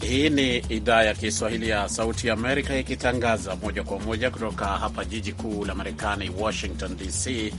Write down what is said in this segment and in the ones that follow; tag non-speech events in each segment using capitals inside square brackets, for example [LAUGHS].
Hii ni idhaa ya Kiswahili ya Sauti ya Amerika ikitangaza moja kwa moja kutoka hapa jiji kuu la Marekani, Washington DC.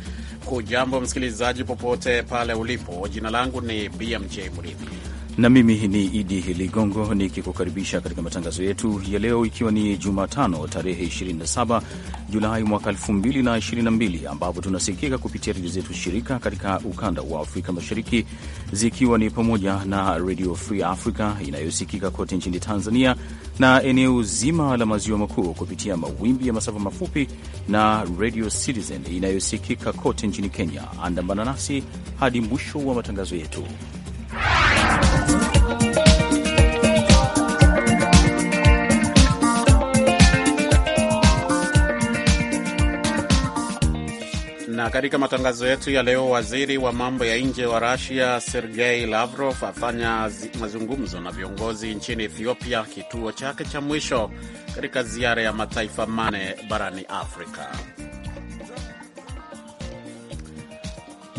Hujambo msikilizaji, popote pale ulipo. Jina langu ni BMJ Mridhi na mimi ni Idi Ligongo nikikukaribisha katika matangazo yetu ya leo, ikiwa ni Jumatano tarehe 27 Julai mwaka 2022, ambapo tunasikika kupitia redio zetu shirika katika ukanda wa Afrika Mashariki, zikiwa ni pamoja na Radio Free Africa inayosikika kote nchini Tanzania na eneo zima la maziwa makuu kupitia mawimbi ya masafa mafupi na Radio Citizen inayosikika kote nchini Kenya. Andamana nasi hadi mwisho wa matangazo yetu. Na katika matangazo yetu ya leo, waziri wa mambo ya nje wa Rusia Sergei Lavrov afanya mazungumzo na viongozi nchini Ethiopia, kituo chake cha mwisho katika ziara ya mataifa mane barani Afrika.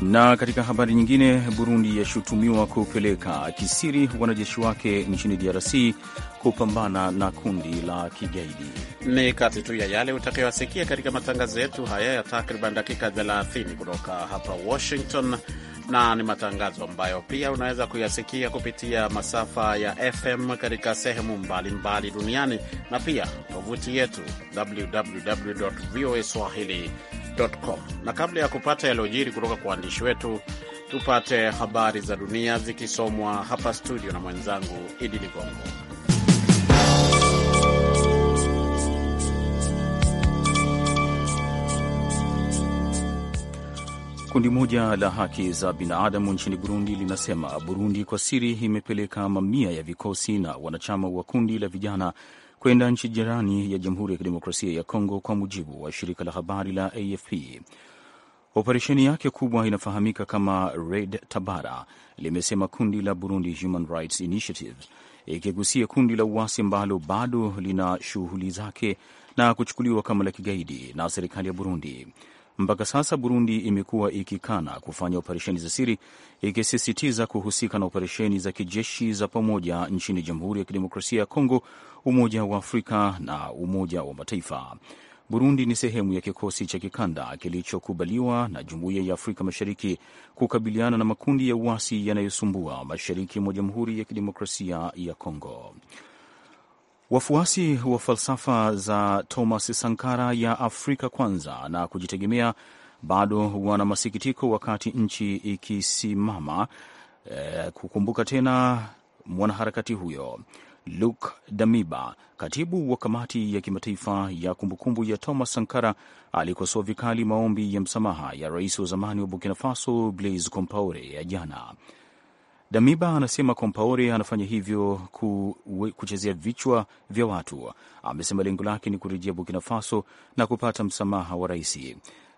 Na katika habari nyingine, Burundi yashutumiwa kupeleka kisiri wanajeshi wake nchini DRC kupambana na kundi la kigaidi. Ni kati tu ya yale utakayowasikia katika matangazo yetu haya ya takriban dakika 30 kutoka hapa Washington, na ni matangazo ambayo pia unaweza kuyasikia kupitia masafa ya FM katika sehemu mbalimbali mbali duniani na pia tovuti yetu www voa swahili com. Na kabla ya kupata yaliyojiri kutoka kwa waandishi wetu, tupate habari za dunia zikisomwa hapa studio na mwenzangu Idi Ligongo. Kundi moja la haki za binadamu nchini Burundi linasema Burundi kwa siri imepeleka mamia ya vikosi na wanachama wa kundi la vijana kwenda nchi jirani ya Jamhuri ya Kidemokrasia ya Kongo, kwa mujibu wa shirika la habari la AFP. Operesheni yake kubwa inafahamika kama Red Tabara, limesema kundi la Burundi Human Rights Initiative, ikigusia kundi la uasi ambalo bado lina shughuli zake na kuchukuliwa kama la kigaidi na serikali ya Burundi. Mpaka sasa Burundi imekuwa ikikana kufanya operesheni za siri, ikisisitiza kuhusika na operesheni za kijeshi za pamoja nchini Jamhuri ya Kidemokrasia ya Kongo, Umoja wa Afrika na Umoja wa Mataifa. Burundi ni sehemu ya kikosi cha kikanda kilichokubaliwa na Jumuiya ya Afrika Mashariki kukabiliana na makundi ya uasi yanayosumbua mashariki mwa Jamhuri ya Kidemokrasia ya Kongo. Wafuasi wa falsafa za Thomas Sankara ya Afrika kwanza na kujitegemea bado wana masikitiko wakati nchi ikisimama eh, kukumbuka tena mwanaharakati huyo. Luke Damiba, katibu wa kamati ya kimataifa ya kumbukumbu ya Thomas Sankara, alikosoa vikali maombi ya msamaha ya rais wa zamani wa Burkina Faso Blaise Compaore ya jana. Damiba anasema kompaore anafanya hivyo kuchezea vichwa vya watu. Amesema lengo lake ni kurejea Burkina Faso na kupata msamaha wa rais.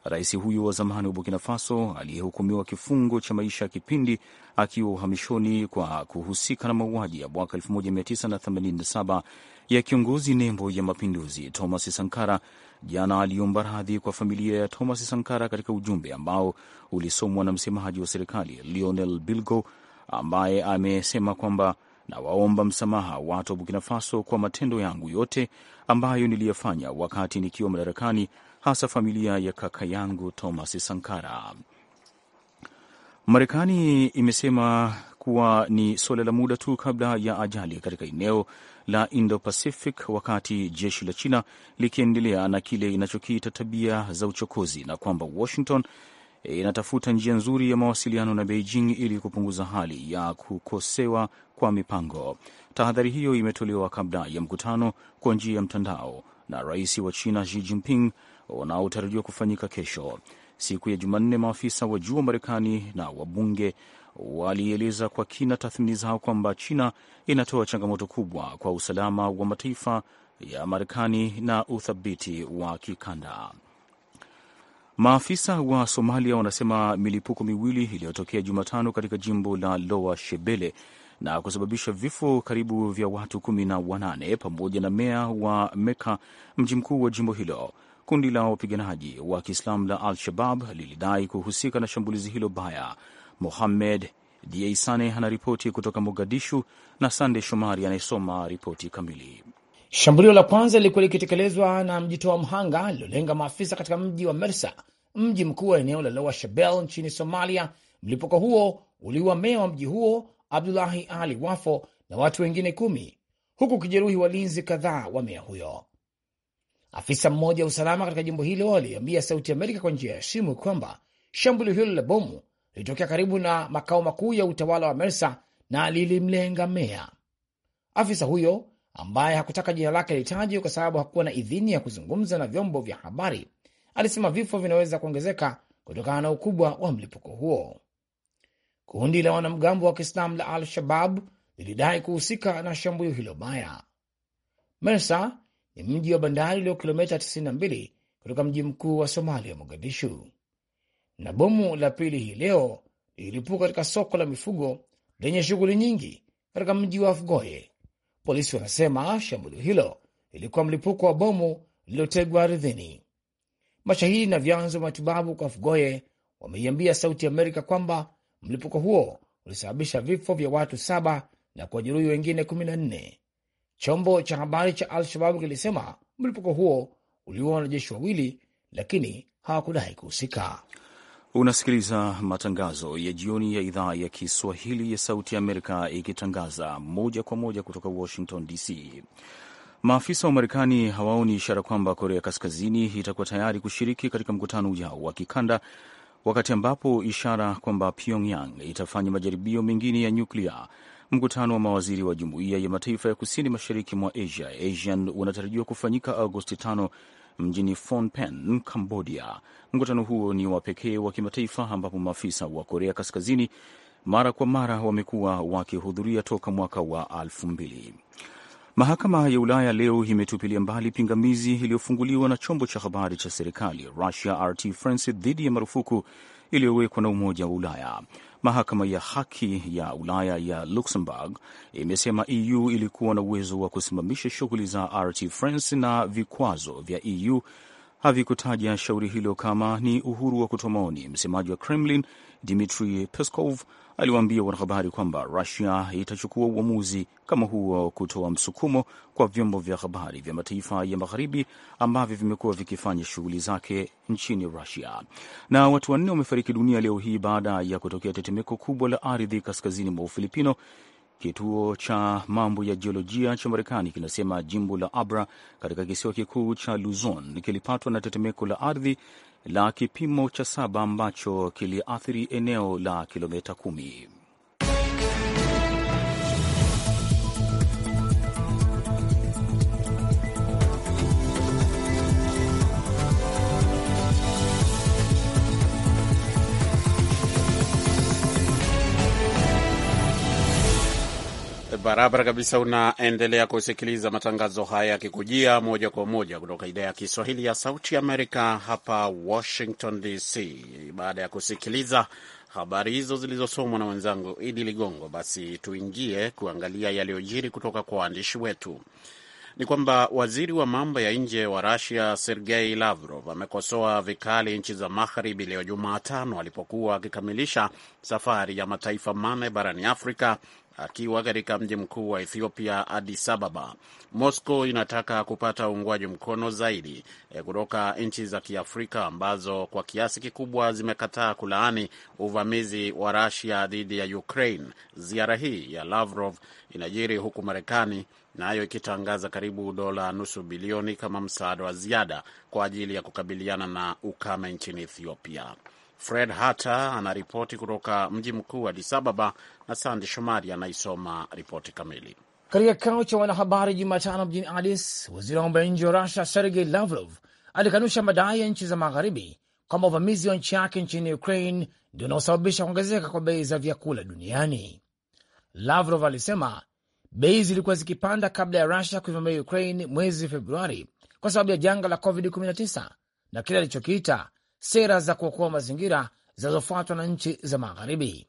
Rais huyo wa zamani wa Burkina Faso aliyehukumiwa kifungo cha maisha ya kipindi akiwa uhamishoni kwa kuhusika na mauaji ya mwaka 1987 ya kiongozi nembo ya mapinduzi Thomas Sankara, jana aliomba radhi kwa familia ya Thomas Sankara katika ujumbe ambao ulisomwa na msemaji wa serikali Lionel Bilgo ambaye amesema kwamba nawaomba msamaha watu wa Burkina Faso kwa matendo yangu yote ambayo niliyafanya wakati nikiwa madarakani, hasa familia ya kaka yangu Thomas Sankara. Marekani imesema kuwa ni suala la muda tu kabla ya ajali katika eneo la Indo-Pacific, wakati jeshi la China likiendelea na kile inachokiita tabia za uchokozi, na kwamba Washington E, inatafuta njia nzuri ya mawasiliano na Beijing ili kupunguza hali ya kukosewa kwa mipango. Tahadhari hiyo imetolewa kabla ya mkutano kwa njia ya mtandao na rais wa China Xi Jinping unaotarajiwa kufanyika kesho. Siku ya Jumanne, maafisa wa juu wa Marekani na wabunge walieleza kwa kina tathmini zao kwamba China inatoa changamoto kubwa kwa usalama wa mataifa ya Marekani na uthabiti wa kikanda. Maafisa wa Somalia wanasema milipuko miwili iliyotokea Jumatano katika jimbo la Lower Shebele na kusababisha vifo karibu vya watu kumi na wanane pamoja na meya wa Meka, mji mkuu wa jimbo hilo. Kundi la wapiganaji wa Kiislamu la Al-Shabab lilidai kuhusika na shambulizi hilo baya. Mohamed Dieisane anaripoti kutoka Mogadishu na Sande Shomari anayesoma ripoti kamili. Shambulio la kwanza lilikuwa likitekelezwa na mjitoa mhanga lilolenga maafisa katika mji wa Mersa, mji mkuu wa eneo la Lower Shabelle nchini Somalia. Mlipuko huo uliua meya wa mji huo Abdulahi Ali Wafo na watu wengine kumi, huku ukijeruhi walinzi kadhaa wa meya huyo. Afisa mmoja wa usalama katika jimbo hilo aliambia Sauti Amerika kwa njia ya simu kwamba shambulio hilo la bomu lilitokea karibu na makao makuu ya utawala wa Mersa na lilimlenga meya. Afisa huyo ambaye hakutaka jina lake litajwe kwa sababu hakuwa na idhini ya kuzungumza na vyombo vya habari, alisema vifo vinaweza kuongezeka kutokana na ukubwa wa mlipuko huo. Kundi la wanamgambo wa Kiislamu la Al-Shabab lilidai kuhusika na shambulio hilo baya. Mersa ni mji wa bandari ulio kilomita 92 kutoka mji mkuu wa Somalia, Mogadishu, na bomu la pili hii leo lililipuka katika soko la mifugo lenye shughuli nyingi katika mji wa Afgoye Polisi wanasema shambulio hilo lilikuwa mlipuko wa bomu lililotegwa ardhini. Mashahidi na vyanzo vya matibabu kwa Fugoye wameiambia Sauti Amerika kwamba mlipuko huo ulisababisha vifo vya watu saba na kuwajeruhi wengine kumi na nne. Chombo cha habari cha Al-Shababu kilisema mlipuko huo uliua wanajeshi wawili, lakini hawakudai kuhusika. Unasikiliza matangazo ya jioni ya idhaa ya Kiswahili ya Sauti ya Amerika ikitangaza moja kwa moja kutoka Washington DC. Maafisa wa Marekani hawaoni ishara kwamba Korea Kaskazini itakuwa tayari kushiriki katika mkutano ujao wa kikanda, wakati ambapo ishara kwamba Pyongyang itafanya majaribio mengine ya nyuklia. Mkutano wa mawaziri wa Jumuiya ya Mataifa ya Kusini Mashariki mwa Asia, ASEAN, unatarajiwa kufanyika Agosti 5 mjini Phnom Penh, Cambodia. Mkutano huo ni wa pekee wa kimataifa ambapo maafisa wa Korea Kaskazini mara kwa mara wamekuwa wakihudhuria toka mwaka wa elfu mbili. Mahakama ya Ulaya leo imetupilia mbali pingamizi iliyofunguliwa na chombo cha habari cha serikali Russia RT France dhidi ya marufuku iliyowekwa na Umoja wa Ulaya. Mahakama ya Haki ya Ulaya ya Luxembourg imesema EU ilikuwa na uwezo wa kusimamisha shughuli za RT France na vikwazo vya EU havikutaja shauri hilo kama ni uhuru wa kutoa maoni. Msemaji wa Kremlin Dmitri Peskov aliwaambia wanahabari kwamba Rusia itachukua uamuzi kama huo wa kutoa msukumo kwa vyombo vya habari vya mataifa ya magharibi ambavyo vimekuwa vikifanya shughuli zake nchini Rusia. Na watu wanne wamefariki dunia leo hii baada ya kutokea tetemeko kubwa la ardhi kaskazini mwa Ufilipino Kituo cha mambo ya jiolojia cha Marekani kinasema jimbo la Abra katika kisiwa kikuu cha Luzon kilipatwa na tetemeko la ardhi la kipimo cha saba ambacho kiliathiri eneo la kilomita kumi. Barabara kabisa. Unaendelea kusikiliza matangazo haya yakikujia moja kwa moja kutoka idhaa ya Kiswahili ya Sauti Amerika hapa Washington DC. Baada ya kusikiliza habari hizo zilizosomwa na wenzangu Idi Ligongo, basi tuingie kuangalia yaliyojiri kutoka kwa waandishi wetu. Ni kwamba waziri wa mambo ya nje wa Rusia Sergei Lavrov amekosoa vikali nchi za magharibi leo Jumatano alipokuwa akikamilisha safari ya mataifa mane barani Afrika akiwa katika mji mkuu wa Ethiopia, Addis Ababa. Moscow inataka kupata uungwaji mkono zaidi eh, kutoka nchi za Kiafrika ambazo kwa kiasi kikubwa zimekataa kulaani uvamizi wa rasia dhidi ya Ukraine. Ziara hii ya Lavrov inajiri huku Marekani nayo na ikitangaza karibu dola nusu bilioni kama msaada wa ziada kwa ajili ya kukabiliana na ukame nchini Ethiopia. Fred Hatter anaripoti kutoka mji mkuu Addis Ababa na Sandi Shomari anaisoma ripoti kamili. Katika kikao cha wanahabari Jumatano mjini Addis, waziri wa mambo ya nje wa Rusia Sergei Lavrov alikanusha madai ya nchi za magharibi kwamba uvamizi wa nchi yake nchini Ukraine ndio unaosababisha kuongezeka kwa bei za vyakula duniani. Lavrov alisema bei zilikuwa zikipanda kabla ya Rusia kuivamia Ukraine mwezi Februari kwa sababu ya janga la COVID-19 na kile alichokiita sera za kuokoa mazingira zinazofuatwa na nchi za Magharibi.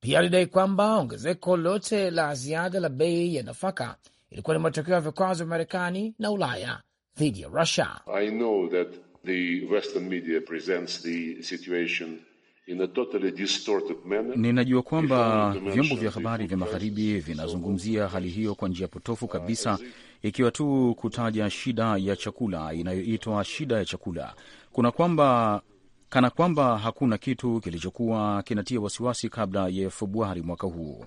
Pia alidai kwamba ongezeko lote la ziada la bei ya nafaka ilikuwa ni matokeo ya vikwazo vya Marekani na Ulaya dhidi ya Rusia ninajua kwamba vyombo vya habari vya magharibi vinazungumzia hali hiyo kwa njia potofu kabisa, ikiwa tu kutaja shida ya chakula inayoitwa shida ya chakula, kuna kwamba kana kwamba hakuna kitu kilichokuwa kinatia wasiwasi kabla ya Februari mwaka huu.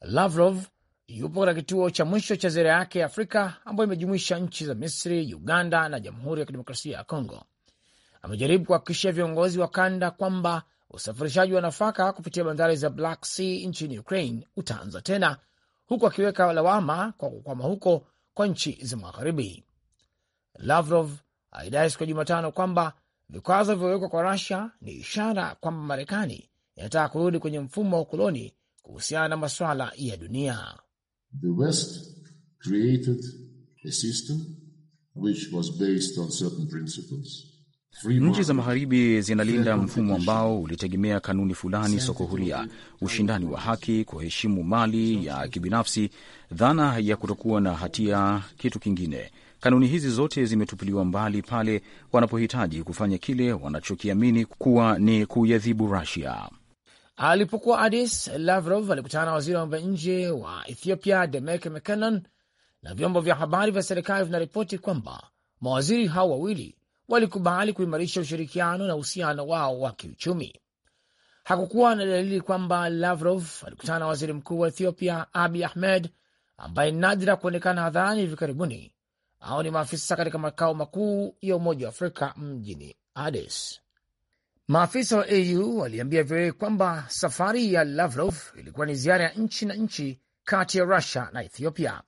Lavrov yupo katika kituo cha mwisho cha ziara yake ya Afrika ambayo imejumuisha nchi za Misri, Uganda na Jamhuri ya Kidemokrasia ya Kongo. Amejaribu kuhakikishia viongozi wa kanda kwamba usafirishaji wa nafaka kupitia bandari za Black Sea nchini Ukraine utaanza tena, huku akiweka lawama kwa kukwama huko kwa nchi za Magharibi. Lavrov alidai siku ya Jumatano kwamba vikwazo vilivyowekwa kwa Rusia ni ishara kwamba Marekani inataka kurudi kwenye mfumo wa ukoloni kuhusiana na masuala ya dunia. The West created a system which was based on certain principles Nchi za magharibi zinalinda mfumo ambao ulitegemea kanuni fulani, soko huria, ushindani wa haki, kuheshimu mali ya kibinafsi, dhana ya kutokuwa na hatia, kitu kingine. Kanuni hizi zote zimetupiliwa mbali pale wanapohitaji kufanya kile wanachokiamini kuwa ni kuiadhibu Rusia. Alipokuwa Adis, Lavrov alikutana na waziri wa mambo ya nje wa Ethiopia demek Mekonnen, na vyombo vya habari vya serikali vinaripoti kwamba mawaziri hao wawili walikubali kuimarisha ushirikiano na uhusiano wao wa kiuchumi. Hakukuwa na dalili kwamba Lavrov alikutana na waziri mkuu wa Ethiopia Abi Ahmed, ambaye nadra kuonekana hadharani hivi karibuni, au ni maafisa katika makao makuu ya Umoja wa Afrika mjini Addis. Maafisa wa AU waliambia VOA kwamba safari ya Lavrov ilikuwa ni ziara ya nchi na nchi kati ya Rusia na Ethiopia.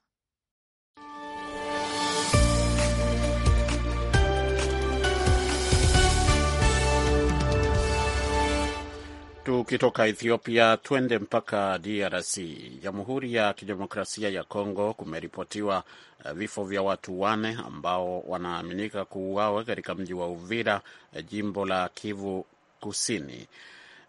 Tukitoka Ethiopia twende mpaka DRC. Jamhuri ya Kidemokrasia ya Kongo kumeripotiwa eh, vifo vya watu wane ambao wanaaminika kuuawa katika mji wa Uvira, eh, jimbo la Kivu Kusini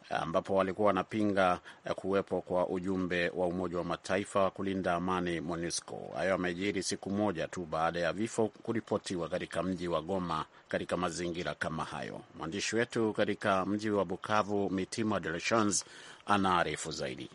ambapo walikuwa wanapinga eh, kuwepo kwa ujumbe wa Umoja wa Mataifa kulinda amani MONUSCO. Hayo amejiri siku moja tu baada ya vifo kuripotiwa katika mji wa Goma katika mazingira kama hayo. Mwandishi wetu katika mji wa Bukavu, Mitima De anaarifu zaidi.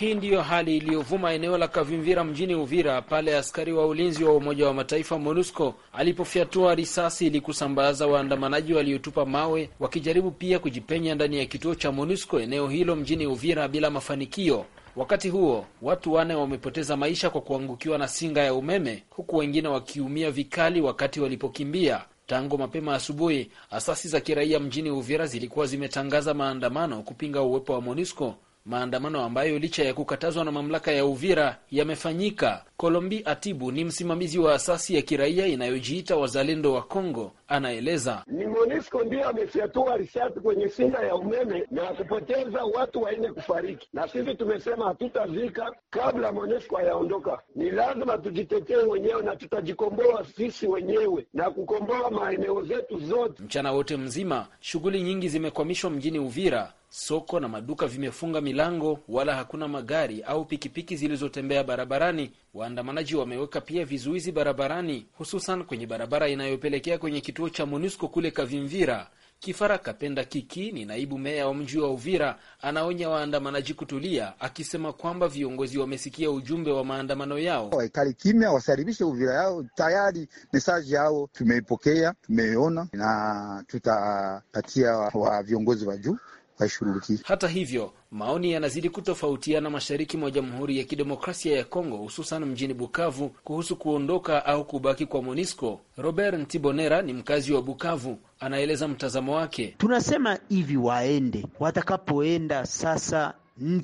Hii ndiyo hali iliyovuma eneo la Kavimvira mjini Uvira pale askari wa ulinzi wa Umoja wa Mataifa MONUSCO alipofyatua risasi ili kusambaza waandamanaji waliotupa mawe wakijaribu pia kujipenya ndani ya kituo cha MONUSCO eneo hilo mjini Uvira bila mafanikio. Wakati huo watu wane wamepoteza maisha kwa kuangukiwa na singa ya umeme huku wengine wakiumia vikali wakati walipokimbia. Tangu mapema asubuhi, asasi za kiraia mjini Uvira zilikuwa zimetangaza maandamano kupinga uwepo wa MONUSCO maandamano ambayo licha ya kukatazwa na mamlaka ya Uvira yamefanyika. Kolombi Atibu ni msimamizi wa asasi ya kiraia inayojiita Wazalendo wa Kongo, anaeleza ni MONUSCO ndiyo amefyatua risasi kwenye singa ya umeme na kupoteza watu waine kufariki, na sisi tumesema hatutazika kabla MONUSCO hayaondoka. Ni lazima tujitetee wenyewe na tutajikomboa sisi wenyewe na kukomboa maeneo zetu zote. Mchana wote mzima shughuli nyingi zimekwamishwa mjini Uvira soko na maduka vimefunga milango, wala hakuna magari au pikipiki zilizotembea barabarani. Waandamanaji wameweka pia vizuizi barabarani, hususan kwenye barabara inayopelekea kwenye kituo cha MONUSCO kule Kavimvira. Kifara Kapenda Kiki ni naibu meya wa mji wa Uvira, anaonya waandamanaji kutulia, akisema kwamba viongozi wamesikia ujumbe wa maandamano yao. Waikali kimya, wasaribishe Uvira yao. Tayari mesaji yao tumeipokea, tumeiona na tutapatia wa viongozi wa juu washughulikie. Hata hivyo, maoni yanazidi kutofautiana mashariki mwa Jamhuri ya Kidemokrasia ya Kongo, hususan mjini Bukavu kuhusu kuondoka au kubaki kwa MONUSCO. Robert Ntibonera ni mkazi wa Bukavu, anaeleza mtazamo wake. Tunasema hivi, waende, watakapoenda sasa,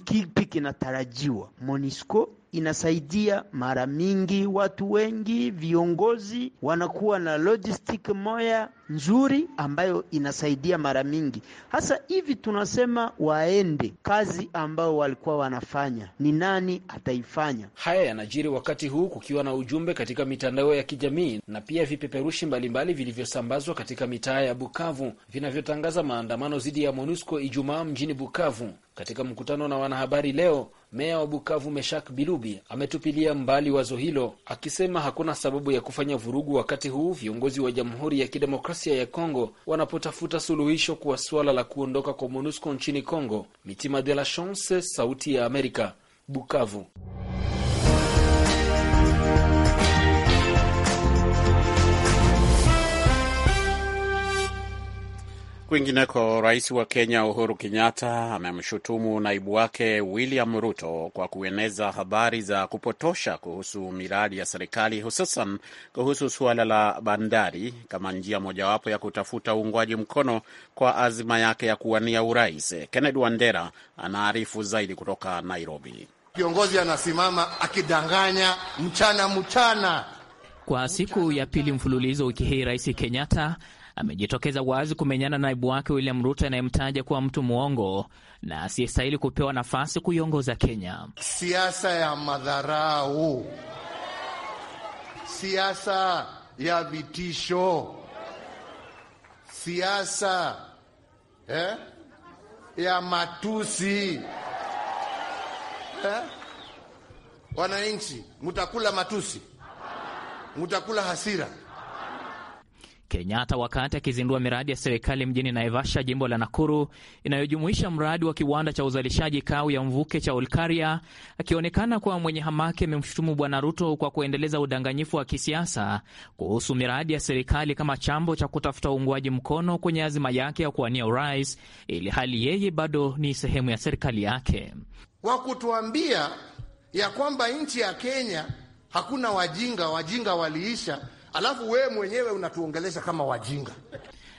kipi kinatarajiwa MONUSCO inasaidia mara mingi. Watu wengi viongozi wanakuwa na logistic moya nzuri ambayo inasaidia mara mingi. Hasa hivi tunasema waende kazi ambao walikuwa wanafanya, ni nani ataifanya? Haya yanajiri wakati huu kukiwa na ujumbe katika mitandao ya kijamii na pia vipeperushi mbalimbali vilivyosambazwa katika mitaa ya Bukavu vinavyotangaza maandamano dhidi ya MONUSCO Ijumaa mjini Bukavu. Katika mkutano na wanahabari leo, meya wa Bukavu Meshak Bilubi ametupilia mbali wazo hilo, akisema hakuna sababu ya kufanya vurugu wakati huu viongozi wa Jamhuri ya Kidemokrasia ya Kongo wanapotafuta suluhisho kwa suala la kuondoka kwa MONUSCO nchini Kongo. Mitima de la Chance, Sauti ya Amerika, Bukavu. Kwingineko, rais wa Kenya Uhuru Kenyatta amemshutumu naibu wake William Ruto kwa kueneza habari za kupotosha kuhusu miradi ya serikali, hususan kuhusu suala la bandari kama njia mojawapo ya kutafuta uungwaji mkono kwa azima yake ya kuwania urais. Kennedy Wandera anaarifu zaidi kutoka Nairobi. Kiongozi anasimama akidanganya mchana mchana. Kwa siku ya pili mfululizo wiki hii, rais Kenyatta amejitokeza wazi kumenyana naibu wake William Ruto anayemtaja kuwa mtu mwongo na asiyestahili kupewa nafasi kuiongoza Kenya. Siasa ya madharau, siasa ya vitisho, siasa eh, ya matusi eh? Wananchi, mutakula matusi, mutakula hasira Kenyatta wakati akizindua miradi ya serikali mjini Naivasha, jimbo la Nakuru, inayojumuisha mradi wa kiwanda cha uzalishaji kawi ya mvuke cha Olkaria, akionekana kuwa mwenye hamaki, amemshutumu Bwana Ruto kwa kuendeleza udanganyifu wa kisiasa kuhusu miradi ya serikali kama chambo cha kutafuta uungwaji mkono kwenye azima yake ya kuwania urais, ili hali yeye bado ni sehemu ya serikali yake, kwa kutuambia ya kwamba nchi ya Kenya hakuna wajinga, wajinga waliisha alafu wewe mwenyewe unatuongelesha kama wajinga.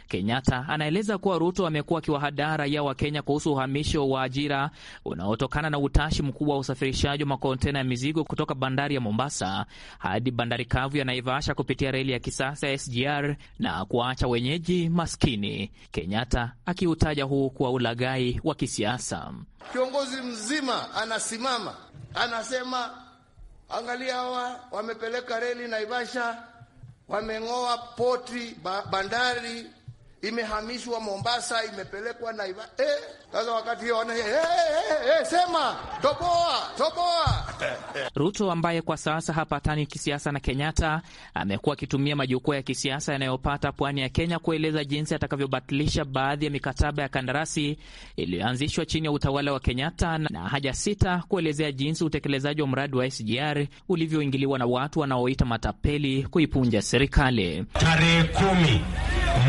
Kenyatta anaeleza kuwa Ruto amekuwa akiwahadaa raia wa Kenya kuhusu uhamisho wa ajira unaotokana na utashi mkubwa wa usafirishaji wa makontena ya mizigo kutoka bandari ya Mombasa hadi bandari kavu ya Naivasha kupitia reli ya kisasa ya SGR na kuacha wenyeji maskini. Kenyatta akiutaja huu kuwa ulaghai wa kisiasa. Kiongozi mzima anasimama anasema, angalia hawa wamepeleka reli Naivasha wameng'oa poti ba, bandari imehamishwa Mombasa, imepelekwa Naiva. Eh, sasa wakati hiyo wana eh, eh, eh, eh, eh sema toboa toboa. [LAUGHS] Ruto ambaye kwa sasa hapatani kisiasa na Kenyatta amekuwa akitumia majukwaa ya kisiasa yanayopata pwani ya Kenya kueleza jinsi atakavyobatilisha baadhi ya mikataba ya kandarasi iliyoanzishwa chini ya utawala wa Kenyatta na haja sita kuelezea jinsi utekelezaji wa mradi wa SGR ulivyoingiliwa na watu wanaoita matapeli kuipunja serikali. Tarehe kumi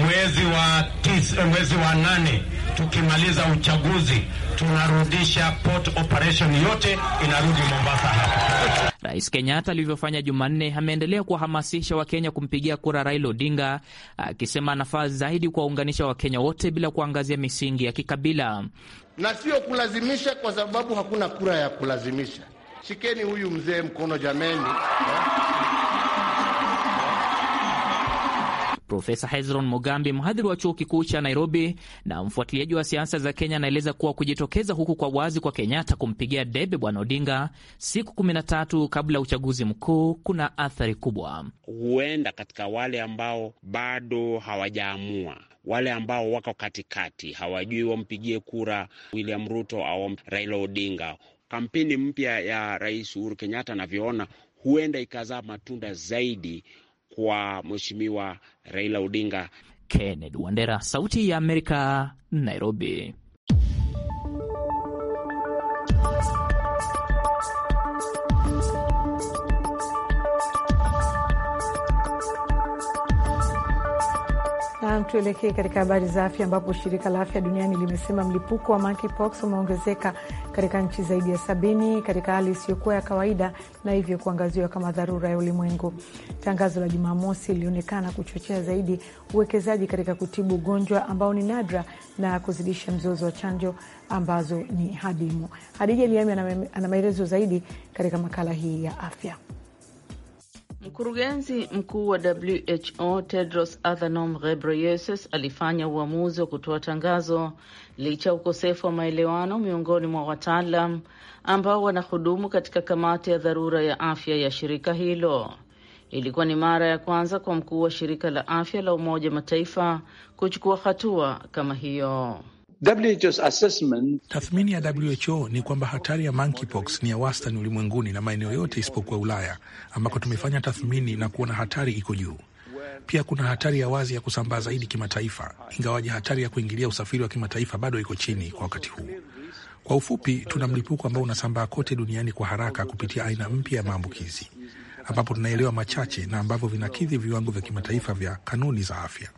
mwezi wa tisa, mwezi wa nane tukimaliza uchaguzi tunarudisha port operation yote inarudi Mombasa hapa. Rais Kenyatta alivyofanya Jumanne ameendelea kuwahamasisha Wakenya kumpigia kura Raila Odinga, akisema anafaa zaidi kuwaunganisha Wakenya wote bila kuangazia misingi ya kikabila na sio kulazimisha, kwa sababu hakuna kura ya kulazimisha. Shikeni huyu mzee mkono jameni. Profesa Hezron Mogambi, mhadhiri wa chuo kikuu cha Nairobi na mfuatiliaji wa siasa za Kenya, anaeleza kuwa kujitokeza huku kwa wazi kwa Kenyatta kumpigia debe Bwana Odinga siku kumi na tatu kabla ya uchaguzi mkuu kuna athari kubwa, huenda katika wale ambao bado hawajaamua wale ambao wako katikati hawajui wampigie kura William Ruto au Raila Odinga. Kampeni mpya ya Rais Uhuru Kenyatta anavyoona, huenda ikazaa matunda zaidi kwa Mheshimiwa Raila Odinga. Kennedy Wandera, Sauti ya Amerika, Nairobi. tuelekee katika habari za afya, ambapo shirika la afya duniani limesema mlipuko wa monkeypox umeongezeka katika nchi zaidi ya sabini katika hali isiyokuwa ya kawaida na hivyo kuangaziwa kama dharura ya ulimwengu. Tangazo la Jumamosi lilionekana kuchochea zaidi uwekezaji katika kutibu ugonjwa ambao ni nadra na kuzidisha mzozo wa chanjo ambazo ni hadimu. Hadija Liami ana maelezo zaidi katika makala hii ya afya. Mkurugenzi mkuu wa WHO Tedros Adhanom Ghebreyesus alifanya uamuzi wa kutoa tangazo licha ya ukosefu wa maelewano miongoni mwa wataalam ambao wanahudumu katika kamati ya dharura ya afya ya shirika hilo. Ilikuwa ni mara ya kwanza kwa mkuu wa shirika la afya la Umoja Mataifa kuchukua hatua kama hiyo. WHO's assessment... tathmini ya WHO ni kwamba hatari ya monkeypox ni ya wastani ulimwenguni na maeneo yote isipokuwa Ulaya ambako tumefanya tathmini na kuona hatari iko juu. Pia kuna hatari ya wazi ya kusambaa zaidi kimataifa, ingawaje hatari ya kuingilia usafiri wa kimataifa bado iko chini kwa wakati huu. Kwa ufupi, tuna mlipuko ambao unasambaa kote duniani kwa haraka kupitia aina mpya ya maambukizi ambapo tunaelewa machache na ambavyo vinakidhi viwango vya kimataifa vya kanuni za afya.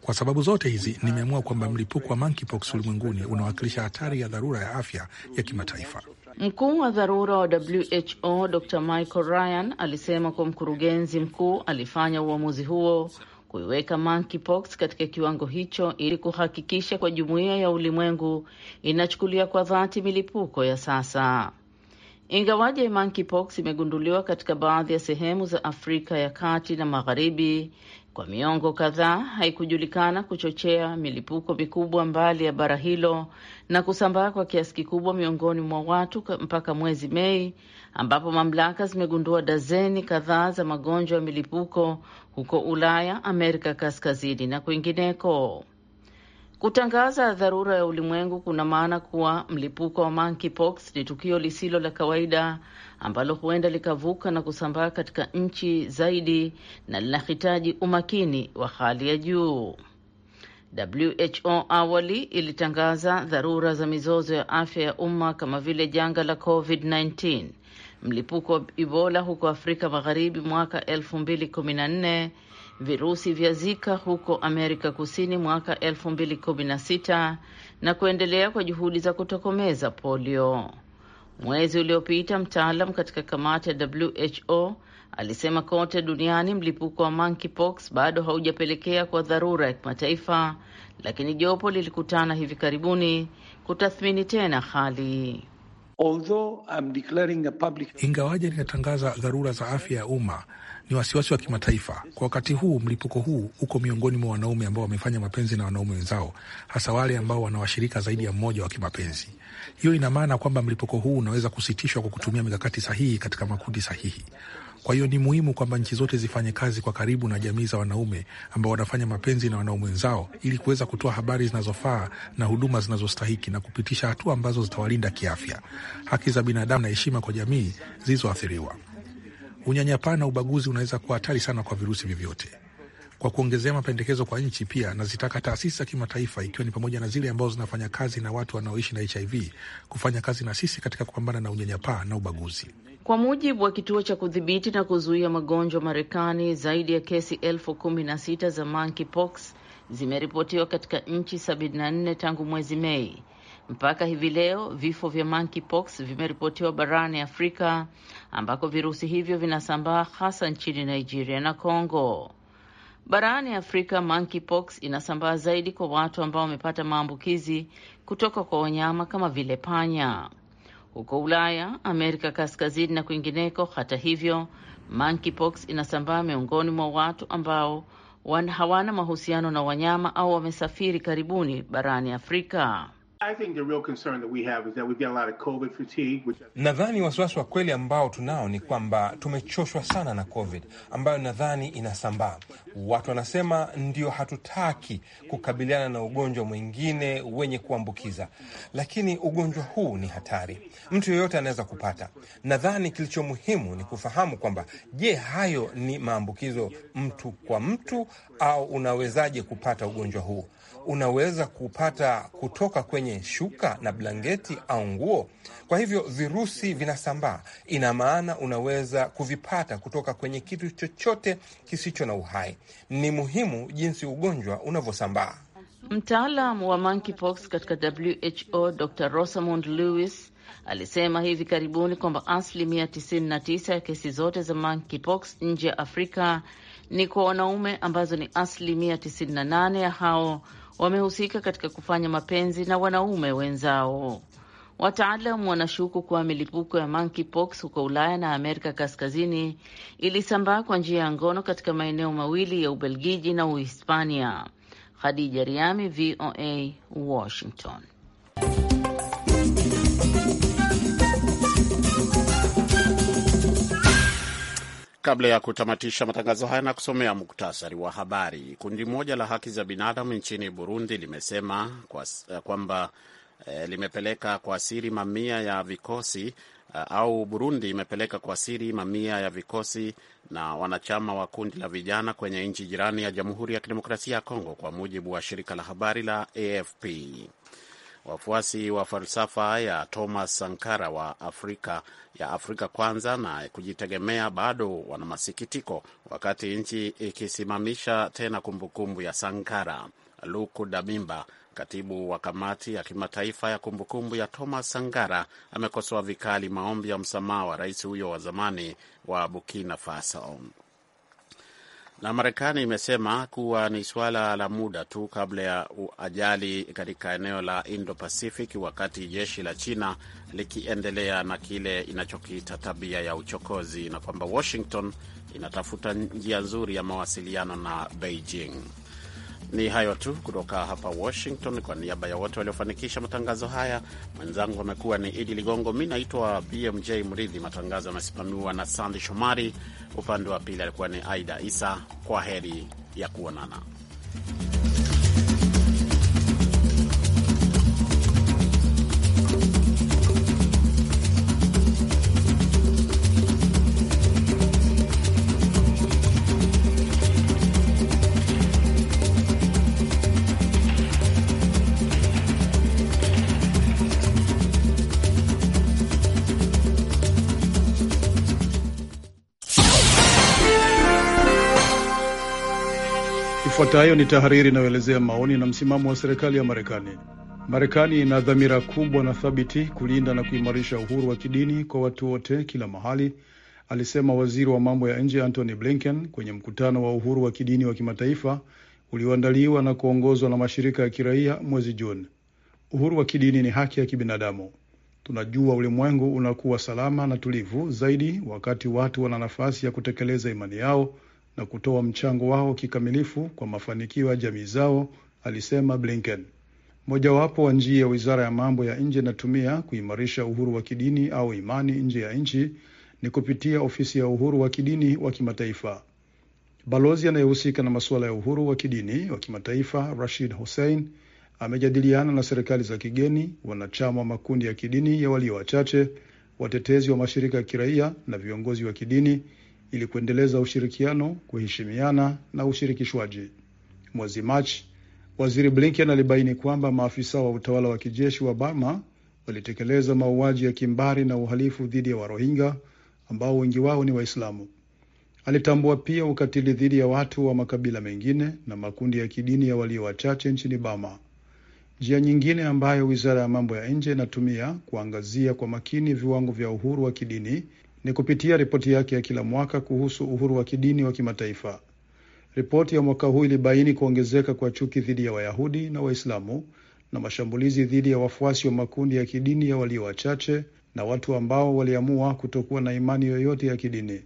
Kwa sababu zote hizi, nimeamua kwamba mlipuko wa monkeypox ulimwenguni unawakilisha hatari ya dharura ya afya ya kimataifa. Mkuu wa dharura wa WHO Dr Michael Ryan alisema kuwa mkurugenzi mkuu alifanya uamuzi huo kuiweka monkeypox katika kiwango hicho ili kuhakikisha kwa jumuiya ya ulimwengu inachukulia kwa dhati milipuko ya sasa. Ingawaje monkeypox imegunduliwa katika baadhi ya sehemu za Afrika ya kati na magharibi, kwa miongo kadhaa haikujulikana kuchochea milipuko mikubwa mbali ya bara hilo na kusambaa kwa kiasi kikubwa miongoni mwa watu mpaka mwezi Mei, ambapo mamlaka zimegundua dazeni kadhaa za magonjwa ya milipuko huko Ulaya, Amerika Kaskazini na kwingineko. Kutangaza dharura ya ulimwengu kuna maana kuwa mlipuko wa monkeypox ni tukio lisilo la kawaida ambalo huenda likavuka na kusambaa katika nchi zaidi na linahitaji umakini wa hali ya juu. WHO awali ilitangaza dharura za mizozo ya afya ya umma kama vile janga la COVID-19, mlipuko wa Ebola huko Afrika Magharibi mwaka 2014 virusi vya Zika huko Amerika Kusini mwaka 2016 na kuendelea kwa juhudi za kutokomeza polio. Mwezi uliopita, mtaalam katika kamati ya WHO alisema kote duniani mlipuko wa monkeypox bado haujapelekea kwa dharura ya kimataifa, lakini jopo lilikutana hivi karibuni kutathmini tena hali public... ingawaje linatangaza dharura za afya ya umma ni wasiwasi wa kimataifa kwa wakati huu. Mlipuko huu uko miongoni mwa wanaume ambao wamefanya mapenzi na wanaume wenzao, hasa wale ambao wanawashirika zaidi ya mmoja wa kimapenzi. Hiyo ina maana kwamba mlipuko huu unaweza kusitishwa kwa kutumia mikakati sahihi katika makundi sahihi. Kwa hiyo ni muhimu kwamba nchi zote zifanye kazi kwa karibu na jamii za wanaume ambao wanafanya mapenzi na wanaume wenzao ili kuweza kutoa habari zinazofaa na huduma zinazostahiki na kupitisha hatua ambazo zitawalinda kiafya, haki za binadamu na heshima kwa jamii zilizoathiriwa. Unyanyapaa na ubaguzi unaweza kuwa hatari sana kwa virusi vyovyote. Kwa kuongezea mapendekezo kwa nchi, pia nazitaka taasisi za kimataifa ikiwa ni pamoja na zile ambazo zinafanya kazi na watu wanaoishi na HIV kufanya kazi na sisi katika kupambana na unyanyapaa na ubaguzi. Kwa mujibu wa kituo cha kudhibiti na kuzuia magonjwa Marekani, zaidi ya kesi elfu kumi na sita za monkeypox zimeripotiwa katika nchi 74 tangu mwezi Mei mpaka hivi leo. Vifo vya monkeypox vimeripotiwa barani Afrika ambako virusi hivyo vinasambaa hasa nchini Nigeria na congo Barani Afrika, monkeypox inasambaa zaidi kwa watu ambao wamepata maambukizi kutoka kwa wanyama kama vile panya huko Ulaya, Amerika Kaskazini na kwingineko. Hata hivyo, monkeypox inasambaa miongoni mwa watu ambao hawana mahusiano na wanyama au wamesafiri karibuni barani Afrika. Nadhani wasiwasi wa kweli ambao tunao ni kwamba tumechoshwa sana na COVID ambayo nadhani inasambaa. Watu wanasema ndio, hatutaki kukabiliana na ugonjwa mwingine wenye kuambukiza, lakini ugonjwa huu ni hatari, mtu yeyote anaweza kupata. Nadhani kilicho muhimu ni kufahamu kwamba, je, hayo ni maambukizo mtu kwa mtu au unawezaje kupata ugonjwa huu? unaweza kupata kutoka kwenye shuka na blanketi au nguo. Kwa hivyo virusi vinasambaa, ina maana unaweza kuvipata kutoka kwenye kitu chochote kisicho na uhai. Ni muhimu jinsi ugonjwa unavyosambaa. Mtaalam wa monkeypox katika WHO Dr Rosamond Lewis alisema hivi karibuni kwamba asilimia 99 ya kesi zote za monkeypox nje ya Afrika ni kwa wanaume, ambazo ni asilimia 98 ya hao wamehusika katika kufanya mapenzi na wanaume wenzao. Wataalam wanashuku kuwa milipuko ya monkeypox huko Ulaya na Amerika Kaskazini ilisambaa kwa njia ya ngono katika maeneo mawili ya Ubelgiji na Uhispania. Khadija Riami, VOA, Washington. Kabla ya kutamatisha matangazo haya na kusomea muktasari wa habari, kundi moja la haki za binadamu nchini Burundi limesema eh, kwamba kwa eh, limepeleka kwa siri mamia ya vikosi eh, au Burundi imepeleka kwa siri mamia ya vikosi na wanachama wa kundi la vijana kwenye nchi jirani ya Jamhuri ya Kidemokrasia ya Kongo, kwa mujibu wa shirika la habari la AFP. Wafuasi wa falsafa ya Thomas Sankara wa Afrika ya Afrika kwanza na kujitegemea bado wana masikitiko wakati nchi ikisimamisha tena kumbukumbu ya Sankara. Luku Dabimba, katibu wa kamati ya kimataifa ya kumbukumbu ya Thomas Sankara, amekosoa vikali maombi ya msamaha wa rais huyo wa zamani wa Burkina Faso. Na Marekani imesema kuwa ni suala la muda tu kabla ya ajali katika eneo la Indo Pacific, wakati jeshi la China likiendelea na kile inachokiita tabia ya uchokozi, na kwamba Washington inatafuta njia nzuri ya mawasiliano na Beijing. Ni hayo tu kutoka hapa Washington. Kwa niaba ya wote waliofanikisha matangazo haya, mwenzangu amekuwa ni Idi Ligongo, mi naitwa BMJ Mridhi. Matangazo yamesimamiwa na Sandi Shomari, upande wa pili alikuwa ni Aida Isa. Kwa heri ya kuonana. Ifuatayo ni tahariri inayoelezea maoni na msimamo wa serikali ya Marekani. Marekani ina dhamira kubwa na thabiti kulinda na kuimarisha uhuru wa kidini kwa watu wote kila mahali, alisema waziri wa mambo ya nje Antony Blinken kwenye mkutano wa uhuru wa kidini wa kimataifa ulioandaliwa na kuongozwa na mashirika ya kiraia mwezi Juni. Uhuru wa kidini ni haki ya kibinadamu. Tunajua ulimwengu unakuwa salama na tulivu zaidi wakati watu wana nafasi ya kutekeleza imani yao na kutoa mchango wao kikamilifu kwa mafanikio ya jamii zao, alisema Blinken. Mojawapo wa njia wizara ya mambo ya nje inatumia kuimarisha uhuru wa kidini au imani nje ya nchi ni kupitia ofisi ya uhuru wa kidini wa kimataifa. Balozi anayehusika na masuala ya uhuru wa kidini wa kimataifa Rashid Hussein amejadiliana na serikali za kigeni, wanachama wa makundi ya kidini ya walio wachache, watetezi wa mashirika ya kiraia na viongozi wa kidini ili kuendeleza ushirikiano, kuheshimiana na ushirikishwaji. Mwezi Machi, waziri Blinken alibaini kwamba maafisa wa utawala wa kijeshi wa Burma walitekeleza mauaji ya kimbari na uhalifu dhidi ya warohinga ambao wengi wao ni Waislamu. Alitambua pia ukatili dhidi ya watu wa makabila mengine na makundi ya kidini ya walio wachache nchini Burma. Njia nyingine ambayo wizara ya mambo ya nje inatumia kuangazia kwa makini viwango vya uhuru wa kidini ni kupitia ripoti yake ya kila mwaka kuhusu uhuru wa kidini wa kimataifa. Ripoti ya mwaka huu ilibaini kuongezeka kwa chuki dhidi ya Wayahudi na Waislamu na mashambulizi dhidi ya wafuasi wa makundi ya kidini ya walio wachache na watu ambao waliamua kutokuwa na imani yoyote ya kidini.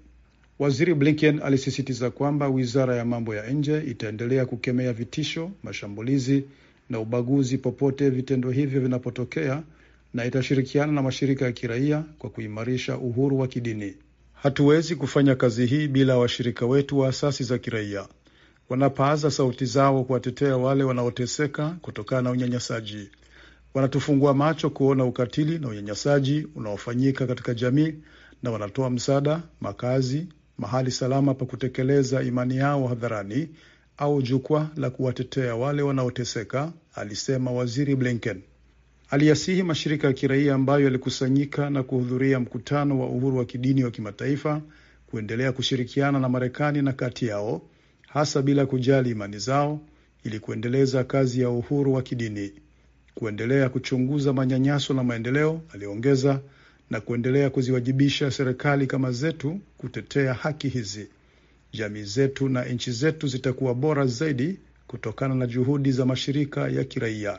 Waziri Blinken alisisitiza kwamba wizara ya mambo ya nje itaendelea kukemea vitisho, mashambulizi na ubaguzi popote vitendo hivyo vinapotokea na itashirikiana na mashirika ya kiraia kwa kuimarisha uhuru wa kidini. Hatuwezi kufanya kazi hii bila washirika wetu wa asasi za kiraia. Wanapaaza sauti zao kuwatetea wale wanaoteseka kutokana na unyanyasaji. Wanatufungua macho kuona ukatili na unyanyasaji unaofanyika katika jamii na wanatoa msaada, makazi, mahali salama pa kutekeleza imani yao hadharani au jukwaa la kuwatetea wale wanaoteseka, alisema Waziri Blinken. Aliyasihi mashirika ya kiraia ambayo yalikusanyika na kuhudhuria mkutano wa uhuru wa kidini wa kimataifa kuendelea kushirikiana na Marekani na kati yao, hasa bila kujali imani zao, ili kuendeleza kazi ya uhuru wa kidini, kuendelea kuchunguza manyanyaso na maendeleo, aliongeza, na kuendelea kuziwajibisha serikali kama zetu kutetea haki hizi. Jamii zetu na nchi zetu zitakuwa bora zaidi kutokana na juhudi za mashirika ya kiraia.